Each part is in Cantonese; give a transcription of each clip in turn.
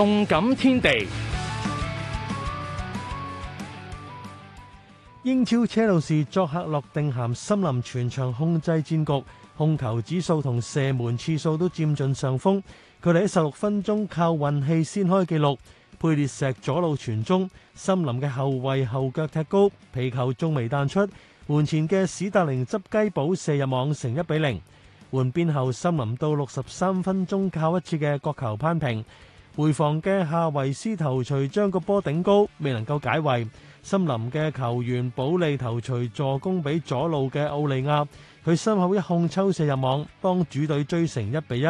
動感天地，英超車路士作客諾定咸森林，全場控制戰局，控球指數同射門次數都佔盡上風。佢哋喺十六分鐘靠運氣先開紀錄，佩列石左路傳中，森林嘅後衛後腳踢高，皮球仲未彈出，門前嘅史特靈執雞補射入網，成一比零。換邊後，森林到六十三分鐘靠一次嘅角球攀平。回防嘅夏維斯頭錘將個波頂高，未能夠解圍。森林嘅球員保利頭錘助攻俾左路嘅奧利亞，佢身後一控抽射入網，幫主隊追成一比一。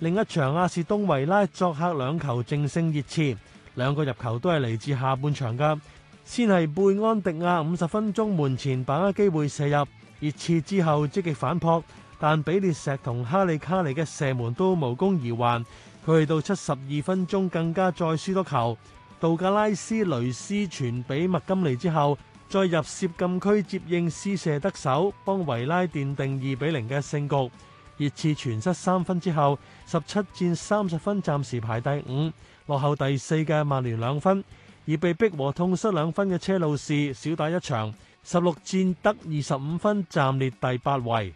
另一場阿士東維拉作客兩球正勝熱刺，兩個入球都係嚟自下半場噶。先係貝安迪亞五十分鐘門前把握機會射入，熱刺之後積極反撲，但比列石同哈利卡尼嘅射門都無功而還。去到七十二分鐘更加再輸多球，杜格拉斯雷斯傳俾麥金尼之後，再入涉禁區接應施射得手，幫維拉奠定二比零嘅勝局。熱刺全失三分之後，十七戰三十分，暫時排第五，落後第四嘅曼聯兩分，而被逼和痛失兩分嘅車路士少打一場，十六戰得二十五分，暫列第八位。